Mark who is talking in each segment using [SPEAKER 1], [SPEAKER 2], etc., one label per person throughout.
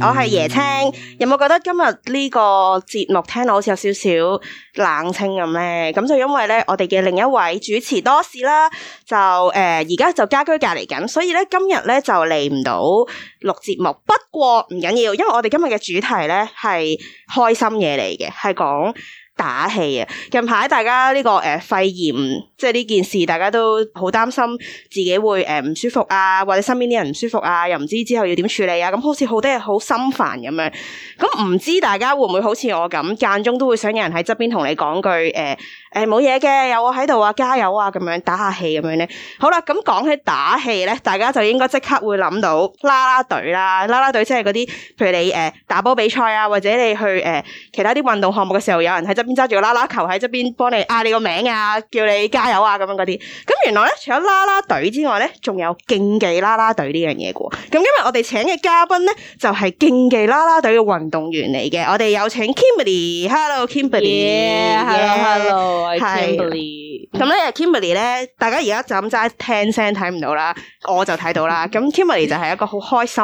[SPEAKER 1] 我係椰青，有冇覺得今日呢個節目聽到好似有少少冷清咁咧？咁就因為咧，我哋嘅另一位主持多士啦，i, 就誒而家就家居隔離緊，所以咧今日咧就嚟唔到錄節目。不過唔緊要，因為我哋今日嘅主題咧係開心嘢嚟嘅，係講。打氣啊！近排大家呢、這個誒、呃、肺炎，即係呢件事，大家都好擔心自己會誒唔、呃、舒服啊，或者身邊啲人唔舒服啊，又唔知之後要點處理啊，咁、嗯、好似好多嘢好心煩咁樣。咁、嗯、唔知大家會唔會好似我咁間中都會想有人喺側邊同你講句誒誒冇嘢嘅，有我喺度啊，加油啊咁樣打下氣咁樣咧。好啦，咁、嗯、講起打氣咧，大家就應該即刻會諗到啦啦隊啦，啦啦隊即係嗰啲譬如你誒、呃、打波比賽啊，或者你去誒、呃、其他啲運動項目嘅時候，有人喺側，揸住個啦啦球喺側邊幫你嗌你個名啊，叫你加油啊咁樣嗰啲。咁原來咧，除咗啦啦隊之外咧，仲有競技啦啦隊呢樣嘢噶喎。咁今日我哋請嘅嘉賓咧，就係競技啦啦隊嘅運動員嚟嘅。我哋有請 Kim Kimberly，Hello Kimberly，Hello，Hello，係 Kimberly 咁咧，Kimberly 咧、嗯嗯 Kim，大家而家就咁齋聽聲睇唔到啦，我就睇到啦。咁 Kimberly 就係一個好開心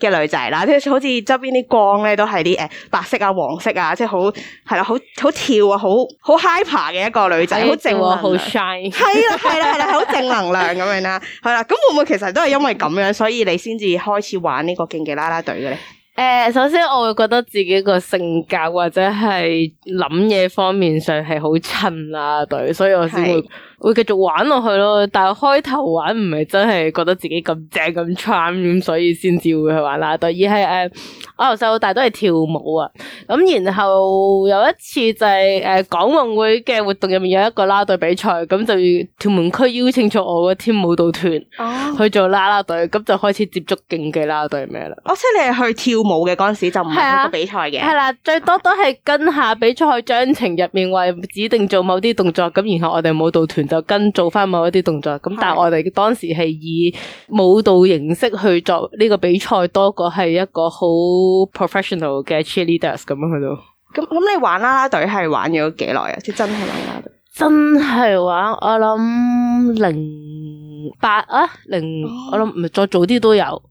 [SPEAKER 1] 嘅女仔啦，即 好似周邊啲光咧都係啲誒白色啊、黃色啊，即係好係啦，好好。跳啊，好好 hyper 嘅一個女仔，好靜，好 shine 係啦，係啦，係啦，好正能量咁樣啦，係啦，咁 會唔會其實都係因為咁樣，所以你先至開始玩呢個競技啦啦隊嘅咧？誒、呃，首先我會覺得自己個性格或者係諗嘢方面上係好襯啦隊，所以我先會。會繼續玩落去咯，但係開頭玩唔係真係覺得自己咁正咁 charm 咁，所以先至會去玩啦隊，而係誒、呃、我由細到大都係跳舞啊，咁然後有一次就係、是、誒、呃、港運會嘅活動入面有一個啦隊比賽，咁就屯門區邀請咗我個 team 舞蹈團、啊、去做啦啦隊，咁就開始接觸競技啦隊咩啦。哦，即你係去跳舞嘅嗰陣時就唔係去比賽嘅。係啦、啊啊，最多都係跟下比賽章程入面話指定做某啲動作，咁然後我哋舞蹈團。就跟做翻某一啲動作咁，但係我哋當時係以舞蹈形式去作呢個比賽，多過係一個好 professional 嘅 cheerleaders 咁樣去到。咁咁你玩啦啦隊係玩咗幾耐啊？即真係玩啦啦隊。真係玩，我諗零八啊，零、哦、我諗唔係再早啲都有。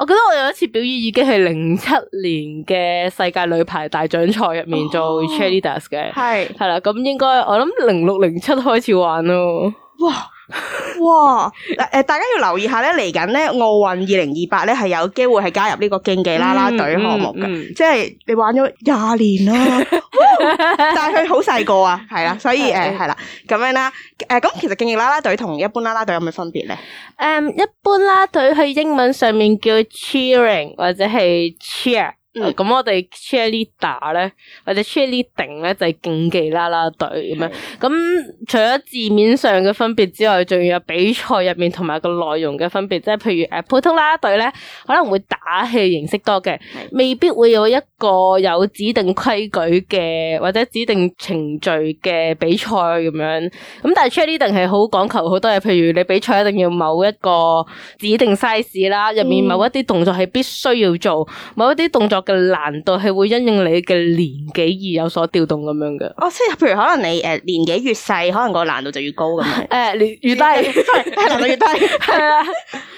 [SPEAKER 1] 我覺得我有一次表演已經係零七年嘅世界女排大獎賽入面，哦、做 Cheerleaders 嘅，係係啦，咁應該我諗零六零七開始玩咯。哇哇！誒，大家要留意下咧，嚟緊咧奧運二零二八咧係有機會係加入呢個競技啦啦隊項目㗎，即係你玩咗廿年啦，但係佢好細個啊，係啦，所以誒係啦咁樣啦，誒咁其實競技啦啦隊同一般啦啦隊有咩分別咧？誒，一般啦隊喺英文上面叫 Cheering 或者係 Cheer。咁、嗯嗯嗯、我哋 cheerleader 咧，或者 cheerleading 咧就係競技啦啦隊咁樣。咁的、嗯、除咗字面上嘅分別之外，仲要有比賽入面同埋個內容嘅分別。即、就、係、是、譬如誒，普通啦啦隊咧，可能會打氣形式多嘅，的未必會有一個有指定規矩嘅或者指定程序嘅比賽咁樣。咁但係 cheerleading 係好講求好多嘢，譬如你比賽一定要某一個指定 size 啦，入面某一啲動作係必須要，要做，某一啲動作。嘅難度係會因應你嘅年紀而有所調動咁樣嘅。哦，即係譬如可能你誒、呃、年紀越細，可能個難度就越高咁樣。誒、欸，越越低，難 度 越低。係啊，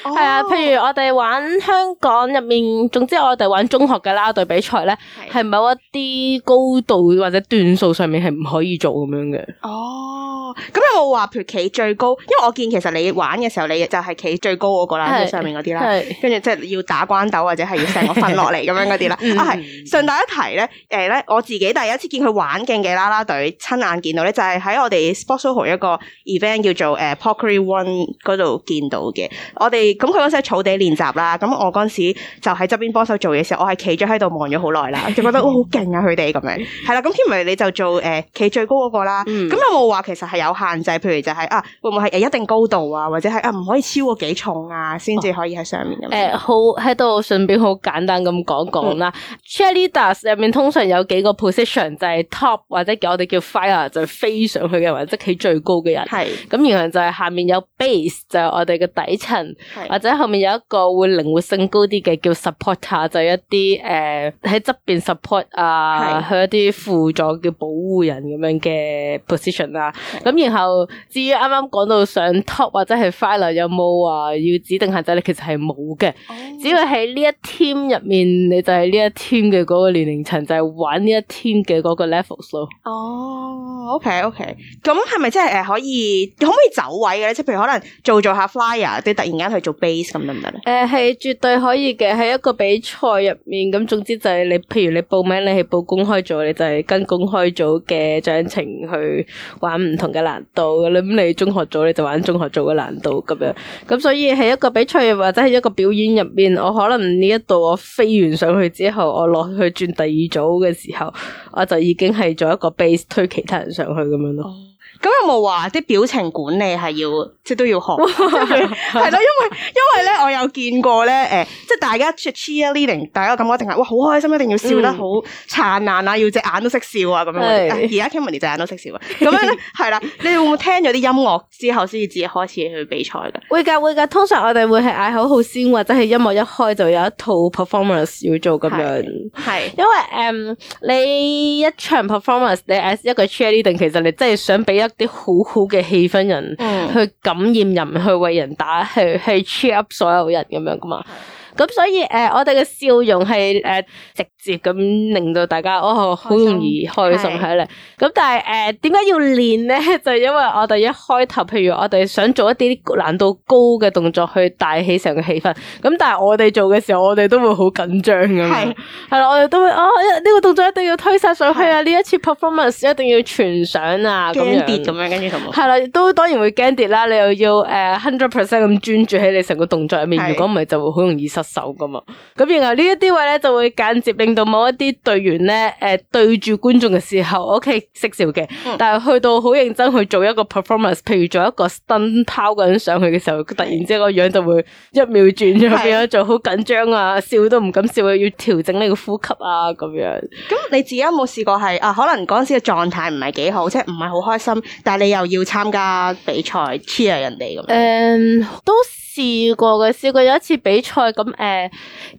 [SPEAKER 1] 係啊、哦。譬如我哋玩香港入面，總之我哋玩中學嘅啦啦隊比賽咧，係的某一啲高度或者段數上面係唔可以做咁樣嘅。哦，咁有冇話譬如企最高？因為我見其實你玩嘅時候，你就係企最高嗰個啦，上面嗰啲啦，跟住即係要打關斗，或者係要成個瞓落嚟咁樣嗰啲 嗯、啊，係！順帶一提咧，誒、欸、咧，我自己第一次見佢玩勁嘅啦啦隊，親眼見到咧，就係、是、喺我哋 Sportsoho 一個 event 叫做誒、啊、Popery One 嗰度見到嘅。我哋咁佢嗰陣時喺草地練習啦，咁我嗰陣時就喺側邊幫手做嘢時候，我係企咗喺度望咗好耐啦，就覺得好勁、哦、啊佢哋咁樣。係啦， 咁 Kimi 你就做誒企、呃、最高嗰、那個啦。咁有冇話其實係有限制？譬如就係、是、啊，會唔會係一定高度啊，或者係啊唔可以超過幾重啊，先至可以喺上面咁？誒、哦呃，好喺度順便好簡單咁講一講，一講。嗯 Cheerleaders 入面通常有幾個 position，就係 top 或者叫我哋叫 fire 就係飛上去嘅，或者企最高嘅人。係咁是，然後就係下面有 base 就係我哋嘅底層，是或者後面有一個會靈活性高啲嘅叫 supporter，就係一啲誒喺側邊 support 啊是，佢一啲輔助叫保護人咁樣嘅 position 啦。咁是然後至於啱啱講到上 top 或者係 fire 有冇話要指定限制，咧其實係冇嘅，oh. 只要喺呢一 team 入面你就係、是。呢一 team 嘅嗰個年齡層就係、是、玩呢一 team 嘅嗰個 level 咯哦、oh，OK OK，咁係咪即係誒可以，可唔可以走位嘅咧？即係譬如可能做做下 flyer，即突然間去做 base 咁得唔得咧？誒係、呃、絕對可以嘅，喺一個比賽入面，咁總之就係你譬如你報名，你係報公開組你就係跟公開組嘅章程去玩唔同嘅難度嘅。咁你中學組你就玩中學組嘅難度咁樣，咁所以喺一個比賽或者係一個表演入面，我可能呢一度我飛完上去。之後我落去轉第二組嘅時候，我就已經係做一個 base 推其他人上去咁樣咯。Oh. 咁有冇話啲表情管理係要即、就是、都要學？係咯哇， 因為因為咧，我有見過咧，誒、呃，即係大家 cheerleading，大家感覺一定係哇好開心，一定要笑得好燦爛啊，嗯、要隻眼都識笑啊咁樣。是的 而家 Kim 隻眼都識笑啊，咁 樣咧係啦。你會唔會聽咗啲音樂之後先至自己開始去比賽㗎？會㗎會㗎，通常我哋會係嗌口號先，或者係音樂一開就有一套 performance 要做咁樣。係的因為誒，um, 你一場 performance，你 as 一個 cheerleading，其實你真係想俾一啲好好嘅氣氛人、嗯、去感染人，去為人打氣，去 cheer up 所有人咁樣噶嘛～、嗯咁所以誒、呃、我哋嘅笑容係誒、呃、直接咁令到大家哦，好容易開心起嚟。咁但係誒點解要練咧？就係、是、因為我哋一開頭，譬如我哋想做一啲難度高嘅動作去帶起成個氣氛。咁但係我哋做嘅時候，我哋都會好緊張咁。係係啦，我哋都會哦，呢個動作一定要推晒上去是啊！呢一次 performance 一定要全上啊是！咁這樣 跌咁樣跟住同。係啦，都當然會驚跌啦。你又要誒 hundred percent 咁專注喺你成個動作入面，的如果唔係就會好容易受手噶嘛，咁然後呢一啲位咧，就會間接令到某一啲隊員咧，誒對住觀眾嘅時候，OK 識笑嘅，但係去到好認真去做一個 performance，譬如做一個燈泡咁上去嘅時候，突然之間個樣就會一秒轉咗變咗，做好的緊張啊，笑都唔敢笑，要調整你嘅呼吸啊，咁樣。咁你自己有冇試過係啊？可能嗰陣時嘅狀態唔係幾好，即係唔係好開心，但係你又要參加比賽 cheer 人哋咁。嗯，都。試過嘅，試過有一次比賽咁誒，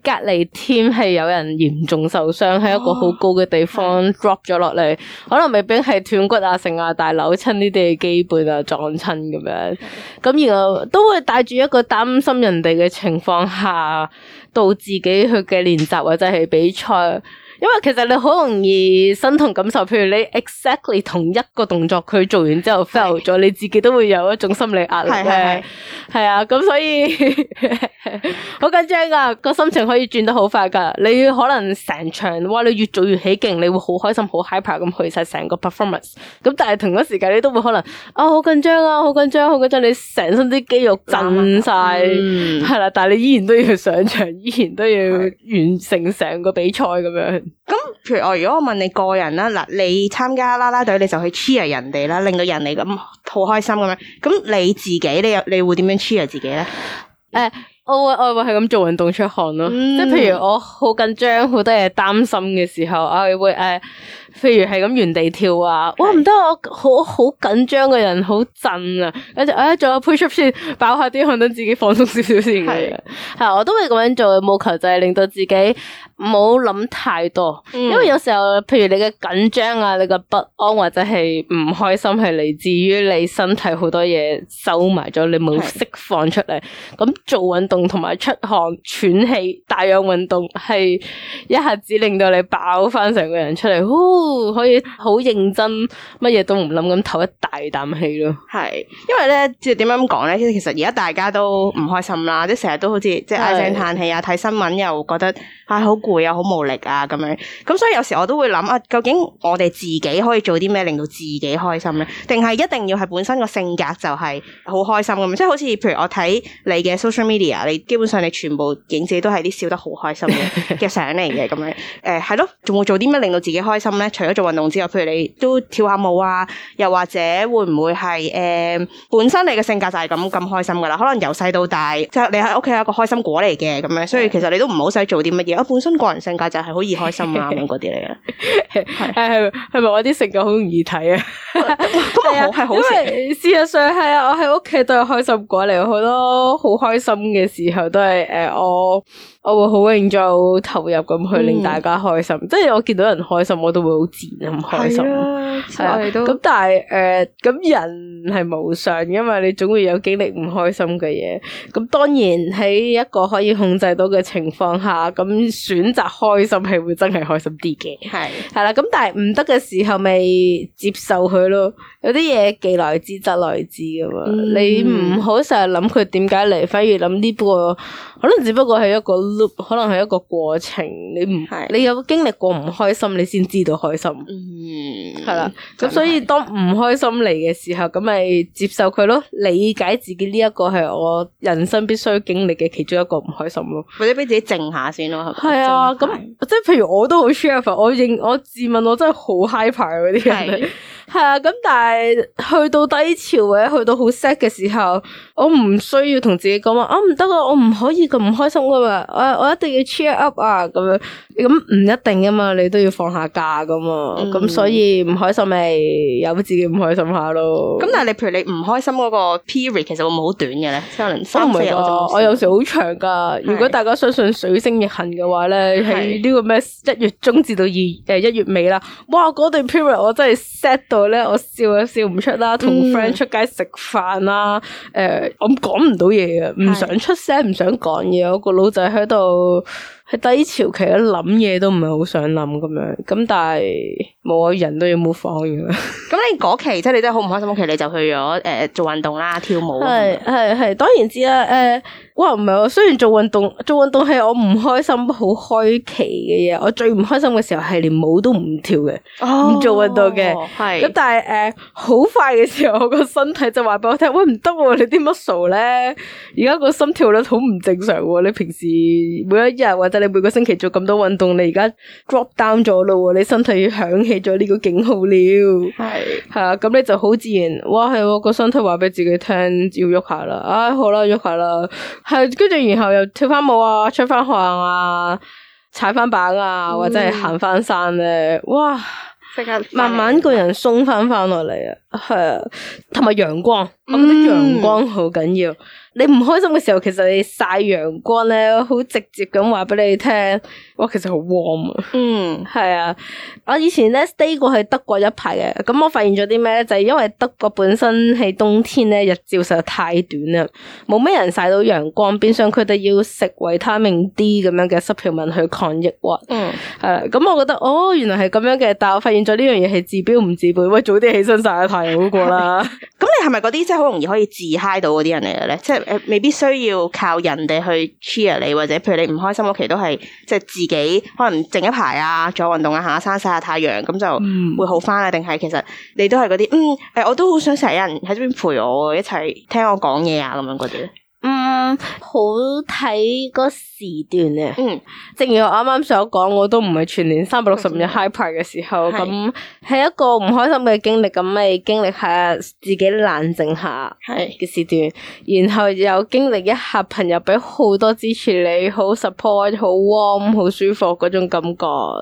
[SPEAKER 1] 隔離天 e 有人嚴重受傷，喺、哦、一個好高嘅地方 drop 咗落嚟，是的 可能未必係斷骨啊，成啊大扭親呢啲嘅肌背啊撞親咁樣，咁然後都會帶住一個擔心人哋嘅情況下，到自己去嘅練習或者係比賽。因為其實你好容易身同感受，譬如你 exactly 同一個動作，佢做完之後 fail 咗，是你自己都會有一種心理壓力咧。係係啊，咁是是所以好緊張噶，個 心情可以轉得好快噶。你可能成場哇，你越做越起勁，你會好開心，好 hyper 咁去晒成個 performance。咁但係同一時間，你都會可能啊好緊張啊，好緊張，好緊張，你成身啲肌肉震晒，係啦、嗯。嗯、但係你依然都要上場，依然都要完成成個比賽咁樣。咁，譬如我如果我問你個人啦，嗱，你參加啦啦隊，你就去 cheer 人哋啦，令到人哋咁好開心咁樣。咁你自己，你有你會點樣 cheer 自己咧？誒、呃，我會我係咁做運動出汗咯，嗯、即譬如我好緊張好多嘢擔心嘅時候，我會誒。呃譬如係咁原地跳啊，我唔得，我好好緊張嘅人好震啊，跟住啊，做下 push up 先，爆下啲汗等自己放鬆少少先嘅。係，係，我都會咁樣做。嘅。冇求就係令到自己唔好諗太多，因為有時候譬如你嘅緊張啊、你嘅不安或者係唔開心係嚟自於你身體好多嘢收埋咗，你冇釋放出嚟。咁是做運動同埋出汗、喘氣、帶氧運動係一下子令到你爆翻成個人出嚟。哦、可以好認真，乜嘢都唔諗，咁吐一大啖氣咯。係，因為咧，即係點樣講咧？其實而家大家都唔開心啦，即係成日都好似即係唉聲嘆氣啊，睇新聞又覺得唉好攰啊，好無力啊咁樣。咁、嗯、所以有時我都會諗啊，究竟我哋自己可以做啲咩令到自己開心咧？定係一定要係本身個性格就係好開心咁？即係好似譬如我睇你嘅 social media，你基本上你全部影自己都係啲笑得好開心嘅嘅相嚟嘅咁樣。誒、欸，係咯，仲有做啲咩令到自己開心咧？除咗做運動之外，譬如你都跳下舞啊，又或者會唔會係誒、呃、本身你嘅性格就係咁咁開心噶啦？可能由細到大，即係你喺屋企係一個開心果嚟嘅咁樣，所以其實你都唔好使做啲乜嘢。我、啊、本身個人性格就係好易開心啊嗰啲嚟嘅。係誒，係咪我啲性格好容易睇啊？係 啊， 係好事實上係啊，我喺屋企都有開心果嚟，好多好開心嘅時候都係誒、呃、我我會好 enjoy 投入咁去令大家開心，嗯、即係我見到人開心我都會。賤唔開心。係咁、啊、吧但係誒，咁、呃、人係無常，因為你總會有經歷唔開心嘅嘢。咁當然喺一個可以控制到嘅情況下，咁選擇開心係會真係開心啲嘅。係係啦，咁、啊、但係唔得嘅時候咪接受佢咯。有啲嘢既來之則安之噶嘛，嗯、你唔好成日諗佢點解嚟，反而諗呢個可能只不過係一個 loop，可能係一個過程。你唔是你有經歷過唔開心，嗯、你先知道開。開心，係啦，咁所以當唔開心嚟嘅時候，咁咪接受佢咯，理解自己呢一個係我人生必須經歷嘅其中一個唔開心咯，或者俾自己靜下先咯。係啊，咁即係譬如我都好 share，我認我自問我真係好 high 派嗰啲人的。 係啊，咁但係去到低潮或者去到好 sad 嘅時候，我唔需要同自己講話啊，唔得啊，我唔可以咁唔開心噶嘛，我我一定要 cheer up 啊咁樣，咁唔一定噶嘛，你都要放下假噶嘛，咁、嗯、所以唔開心咪由自己唔開心下咯。咁、嗯、但係你譬如你唔開心嗰個 period 其實會唔會好短嘅咧？可能三四個鐘。唔係啊，我有時好長噶。如果大家相信水星逆行嘅話咧，喺呢個咩一月中至到二誒一月尾啦，哇、呃、嗰段 period 我真係 sad。度咧，嗯呃，我笑又笑唔出啦，同 friend 出街食飯啦，誒，我講唔到嘢嘅，唔想出聲，唔想講嘢，我個老仔喺度。係低潮期，一諗嘢都唔係好想諗咁樣。咁但係冇人都要冇放嘅。咁 你嗰期即係你真係好唔開心，嗰期你就去咗誒、呃、做運動啦，跳舞。係係係，當然知啦。誒、呃，我話唔係，我雖然做運動，做運動係我唔開心、好開奇嘅嘢。我最唔開心嘅時候係連舞都唔跳嘅，唔、哦、做運動嘅。係咁是，但係誒好快嘅時候，我個身體就話俾我聽，喂，唔得喎，你啲 muscle 咧，而家個心跳率好唔正常。你平時每一日或你每個星期做咁多運動，你而家 drop down 咗咯，你身體要響起咗呢個警號了，係、這個，吓咁咧就好自然，哇，那個身體話俾自己聽要喐下啦，唉、哎，好啦，喐下啦，係，跟住然後又跳翻舞啊，出翻汗啊，踩翻板啊，或者係行翻山呢。嗯、哇，即刻慢慢個人鬆翻翻落嚟啊，係啊，同埋陽光，嗯、我覺得陽光好緊要。你唔開心嘅時候，其實你曬陽光咧，好直接咁話俾你聽，哇，其實好 warm 啊。嗯，係啊，我以前咧 stay 過喺德國一排嘅，咁我發現咗啲咩咧，就係因為德國本身喺冬天咧，日照實在太短啦，冇咩人曬到陽光，變相佢哋要食維他命 D 咁樣嘅 supplement 去抗抑鬱。嗯。係啦，咁我覺得，哦，原來係咁樣嘅，但我發現咗呢樣嘢係治標唔治本，喂，早啲起身曬下太陽好過啦。咁你係咪嗰啲即係好容易可以自嗨到嗰啲人嚟嘅咧？即係。誒、呃，未必需要靠人哋去 cheer 你，或者譬如你唔開心嗰期，都係即係自己，可能靜一排啊，做下運動啊，行下山曬下、啊、太陽，咁就會好翻啊。定係其實你都係嗰啲，嗯，誒、呃，我都好想成日有人喺呢邊陪我，一齊聽我講嘢啊，咁樣嗰啲。好睇個時段啊！正如我啱啱所講，我都唔係全年三百六十五日 high 派嘅時候，咁係是一個唔開心嘅經歷，咁咪經歷下自己冷靜下，係嘅時段，是然後又經歷一下朋友俾好多支持你，你好 support，好 warm，好舒服嗰種感覺。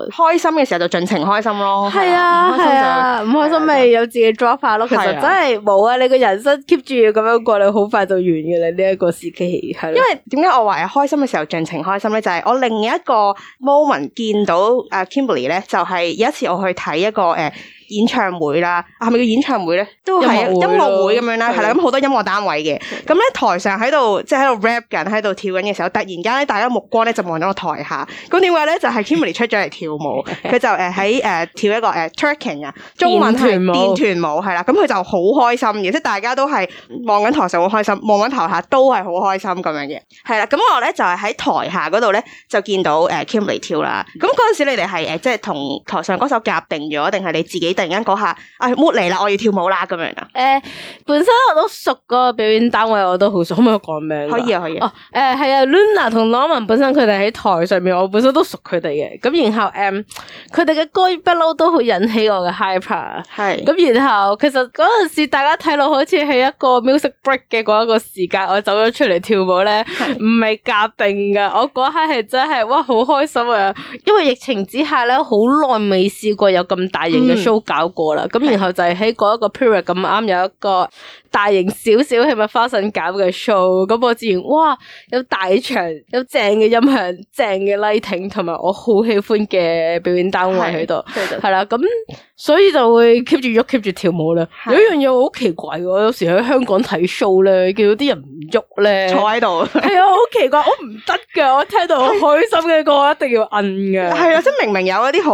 [SPEAKER 1] 開心嘅時候就盡情開心咯，係啊，啊開心唔、就是啊、開心咪有自己 drop 下咯。啊啊、其實真係冇啊，你個人生 keep 住要咁樣過，你好快就完嘅啦呢一個時期。因為點解我話開心嘅時候盡情開心咧？就係我另一個 moment 見到阿 Kimberly 咧，就係有一次我去睇一個誒。呃演唱會啦，啊係咪叫演唱會咧？都係是音樂會咁樣啦，係啦對，咁好對多音樂單位嘅，咁咧對 台上喺度即係喺度 rap 緊，喺度跳緊嘅時候，突然間咧大家目光咧就望咗個台下，咁點解咧？就係 Kimmy 出咗嚟跳舞，佢 就誒喺誒跳一個誒 tricking 啊，中文係電團舞係啦，咁佢就好開心嘅，即係大家都係望緊台上好開心，望緊台下都係好開心咁樣嘅，係啦，咁我咧就係、是、喺台下嗰度咧就見到誒 Kimmy 跳啦，咁嗰陣時你哋係誒即係同台上歌手夾定咗，定係你自己？突然間嗰下，哎 m o 嚟啦，我要跳舞啦，咁樣啊。誒、呃，本身我都熟個表演單位我，我都好熟，可唔可以講咩？可以啊，可以。哦，誒、呃，係啊，Luna 同 Norman 本身佢哋喺台上面，我本身都熟佢哋嘅。咁然後，嗯，佢哋嘅歌不嬲都會引起我嘅 hyper 是。係。咁然後，其實嗰陣時大家睇落好似係一個 music break 嘅嗰一個時間，我走咗出嚟跳舞咧，唔係夾定噶。我嗰刻係真係，哇，好開心啊！因為疫情之下咧，好耐未試過有咁大型嘅 show。嗯搞過啦，咁然後就喺嗰一個 period 咁啱有一個。大型少少係咪花神搞嘅 show？咁我自然哇，有大場，有正嘅音響，正嘅 lighting，同埋我好喜歡嘅表演單位喺度，係啦是。咁的所以就會 keep 住喐，keep 住跳舞啦的。有一樣嘢好奇怪， 我有時喺香港睇 show 咧，見到啲人唔喐咧，坐喺度。係啊，好奇怪，我唔得㗎，我聽到好開心嘅歌，的一定要摁㗎。係啊，即係明明有一啲好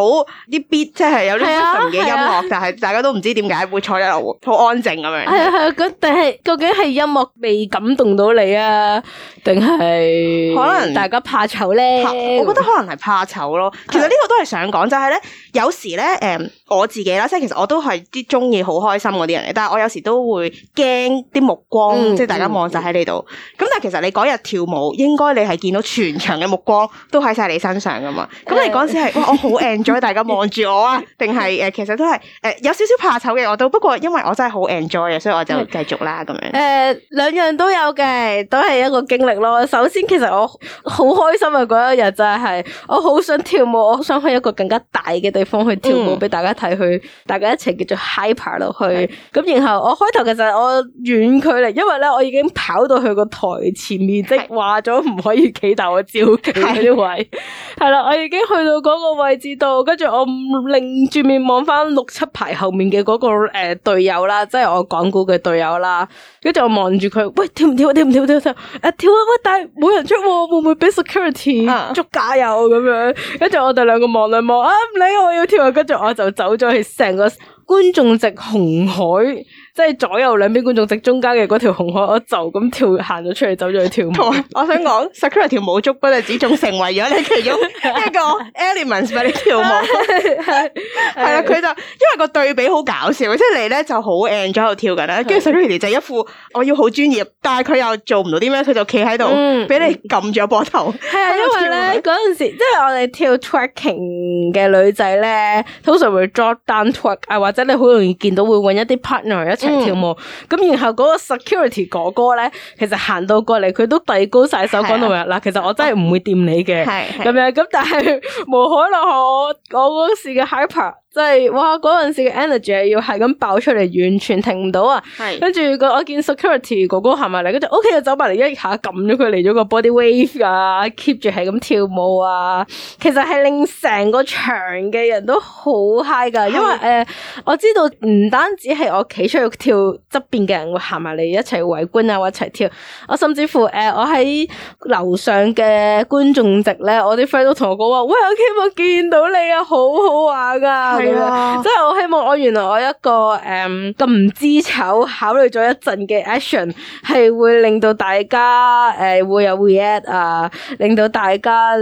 [SPEAKER 1] 啲 beat，即係有啲花神嘅音樂，但係大家都唔知點解會坐喺度好安靜咁樣。係啊。但係究竟，係音樂未感動到你啊？定係可能大家怕醜咧？我覺得可能係怕醜咯。其實呢個都係想講，就係、是、咧，有時咧，誒、嗯。我自己啦，即係其實我都係啲中意好開心嗰啲人嚟。但係我有時都會驚啲目光，嗯嗯、即係大家望晒喺你度。咁但係其實你嗰日跳舞，應該你係見到全場嘅目光都喺晒你身上噶嘛？咁你嗰時係、呃、我好 enjoy，大家望住我啊？定係誒，其實都係誒、呃，有少少怕醜嘅我都，不過因為我真係好 enjoy 嘅，所以我就繼續啦咁樣。誒、呃，兩樣都有嘅，都係一個經歷咯。首先，其實我好開心啊！嗰一日就係我好想跳舞，我想去一個更加大嘅地方去跳舞俾大家、嗯。睇佢大家一齊叫做 high 爬落去，咁的然後我開頭其實我遠距離，因為咧我已經跑到去個台前面，的即係話咗唔可以企，但我照企呢位，係啦， 我已經去到嗰個位置度，跟住我擰轉面望翻六七排後面嘅嗰，那個誒、呃、隊友啦，即係我港股嘅隊友啦，跟住我望住佢，喂，跳唔跳？跳唔跳，啊？跳唔跳？啊，跳啊！喂，但係冇人出，會唔會俾 security 捉加油咁，啊，樣？跟住，啊、我哋兩個望兩望，啊唔理，我要跳，啊！」跟住我就走。好在係成個。觀眾席紅海，即係左右兩邊觀眾席中間嘅嗰條紅海，我就咁跳行咗出嚟，走咗去跳舞。我想講 security 冇足， 不過始終成為咗你其中一個 elements 俾 你跳舞。係啦，佢就、啊啊、 因為個對比好搞笑，即係你咧就好 and 咗喺度跳緊啦，跟住 security 就一副我要好專業，但係佢又做唔到啲咩，佢就企喺度俾你撳住我膊頭。係啊，啊啊因為咧嗰陣時，即係我哋跳 twerking 嘅女仔咧，通常會 drop down twerk 啊，或者。真係你好容易見到會揾一啲 partner 一齊跳舞，咁、嗯、然後嗰個 security 哥哥咧，其實行到過嚟佢都遞高晒手講到話，嗱，是啊、其實我真係唔會掂你嘅係，咁樣、哦，咁是是 但係，冇可能我我嗰時嘅 hyper。就係、是、哇！嗰陣時嘅 energy 要係咁爆出嚟，完全停唔到啊！跟住個我見 security 哥哥行埋嚟，跟住 O K 就走埋嚟一下，撳咗佢嚟咗個 body wave 噶，keep 住係咁跳舞啊！其實係令成個場嘅人都好嗨噶，因為誒、呃、我知道唔單止係我企出去跳邊，側邊嘅人會行埋嚟一齊圍觀啊，我一齊跳。我甚至乎誒、呃，我喺樓上嘅觀眾席呢，我啲 friend 都同我講話：，喂，O K，我見到你啊，好好玩噶、啊！係啊！即係我希望我原來我一個誒咁唔知醜考慮咗一陣嘅 action 係會令到大家誒、呃、會有 react 啊，令到大家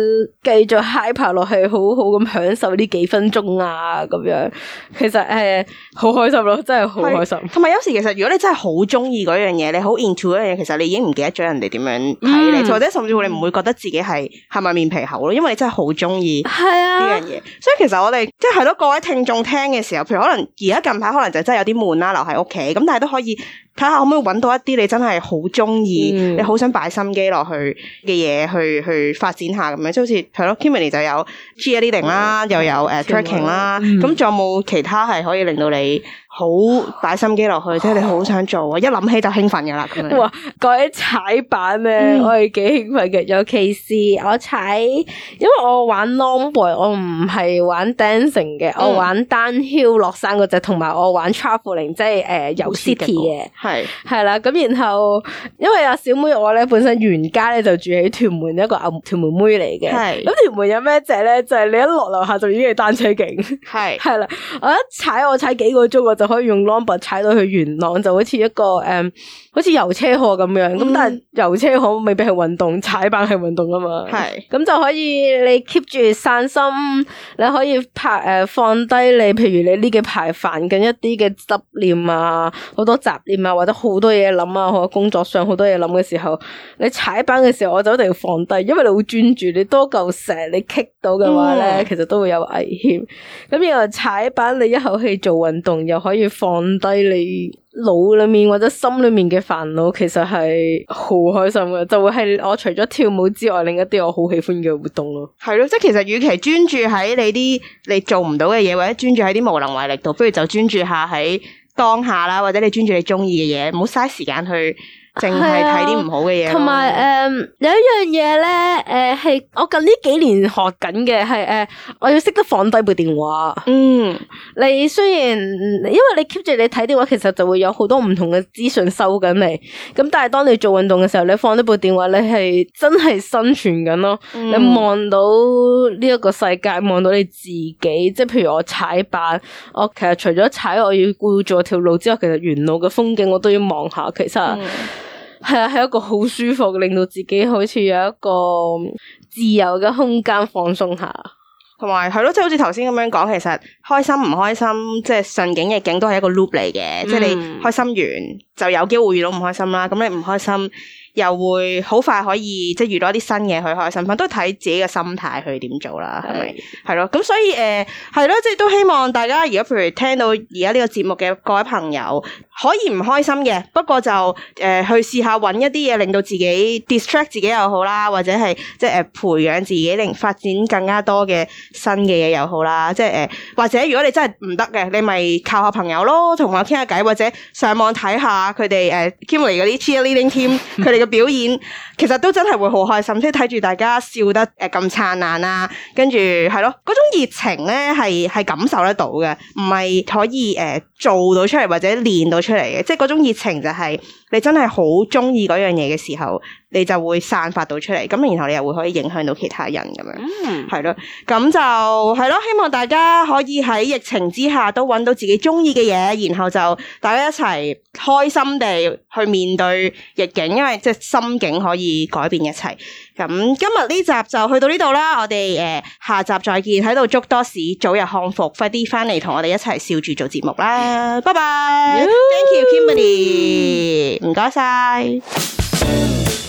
[SPEAKER 1] 繼續嗨，爬落去，好好咁享受呢幾分鐘啊咁樣，其實誒好開心咯，真係好開心。同埋有，有時其實如果你真係好中意樣嘢，你好 into 嗰樣嘢，其實你已經唔記得咗人哋點樣睇你，嗯、或者甚至乎你唔會覺得自己係係咪面皮厚咯，因為你真係好中意係啊呢樣嘢。的所以其實我哋即係係咯，各位。聽眾聽嘅時候，譬如可能而家近排可能就真係有啲悶啦，留喺屋企咁，但係都可以。睇下可唔可以揾到一啲你真係好中意，嗯、你好想擺心機落去嘅嘢，去去發展下咁樣，即好似係咯，Kimmy 就有 Gardening 啦，leading, 嗯、又有誒 Tracking 啦，咁、uh, 仲哪、嗯、有冇其他係可以令到你好擺心機落去，嗯、即係你好想做啊？一諗起就興奮嘅啦咁哇！講起踩板咩、啊？嗯、我係幾興奮嘅，尤其是我踩，因為我玩 Longboard 我唔係玩 Dancing 嘅，我玩單橇落山嗰隻，同埋、嗯、我玩，玩 Travelling，即係誒遊 City 嘅。呃係係啦，咁然後因為阿小妹我咧本身原家咧就住喺屯門一個屯門妹嚟嘅，係咁的屯門有咩嘢咧？就係、是、你一落樓下就已經係單車徑，係係啦，我一踩我踩幾個鐘，我就可以用 longboard 踩到去元朗，就好似一個誒，um, 好似遊車河咁樣。咁、嗯、但係遊車河未必係運動，踩板係運動啊嘛，係咁的就可以你 keep 住散心，你可以拍誒放低你，譬如你呢幾排煩緊一啲嘅執念啊，好多雜念啊。或者好多嘢諗啊，或者工作上好多嘢諗嘅時候，你踩板嘅時候我就一定要放低，因為你會專注，你多嚿石你棘到嘅話呢，其實都會有危險。咁又踩板，你一口氣做運動，又可以放低你腦裏面或者心裏面嘅煩惱，其實係好開心嘅，就會係我除咗跳舞之外，另一啲我好喜歡嘅活動咯。係咯，即其實，與其專注喺你啲你做唔到嘅嘢，或者專注喺啲無能為力度，不如就專注下喺。當下啦，或者你專注你中意嘅嘢，唔好嘥時間去。淨係睇啲唔好嘅嘢，嗯。同埋誒有一樣嘢咧，誒、呃、係我近呢幾年學緊嘅係誒，我要識得放低部電話。嗯，你雖然因為你 keep 住你睇電話，其實就會有好多唔同嘅資訊收緊你。咁但係當你做運動嘅時候，你放低部電話，你係真係生存緊咯。嗯、你望到呢一個世界，望到你自己，即係譬如我踩板，我其實除咗踩我要顧住條路之外，其實沿路嘅風景我都要望下。其實。嗯。係啊，係一個好舒服，令到自己好似有一個自由嘅空間放鬆下，同埋係咯，即係好似頭先咁樣講，其實開心唔開心，即係順境逆境都係一個 loop 嚟嘅。嗯、即係你開心完就有機會遇到唔開心啦，咁你唔開心。又會好快可以即係遇到一啲新嘢去開心，都睇自己嘅心態去點做啦，係咪？係咯、嗯，咁所以誒係咯，即係都希望大家而家譬如聽到而家呢個節目嘅各位朋友，可以唔開心嘅，不過就誒、呃、去試下揾一啲嘢令到自己 distract 自己又好啦，或者係即係誒培養自己，令發展更加多嘅新嘅嘢又好啦，即係誒、呃、或者如果你真係唔得嘅，你咪靠下朋友咯，同我傾下偈，或者上網睇下佢哋誒、呃、Kim 嚟嗰啲 cheerleading team，佢哋嘅。表演其實都真係會好開心，即係睇住大家笑得誒咁燦爛啦，跟住係咯，嗰種熱情咧係係感受得到嘅，唔係可以誒、呃、做到出嚟或者練到出嚟嘅，即係嗰種熱情就係、係、你真係好鍾意嗰樣嘢嘅時候，你就會散發到出嚟，咁然後你又會可以影響到其他人咁樣，係咯、mm.，咁就係咯。希望大家可以喺疫情之下都揾到自己中意嘅嘢，然後就大家一齊開心地去面對逆境，因為即係心境可以改變一切。咁今日呢集就去到呢度啦，我哋誒、呃、下集再見，喺度祝多士早日康復，快啲翻嚟同我哋一齊笑住做節目啦，拜拜。Thank you，Kimberly，唔該晒、mm.。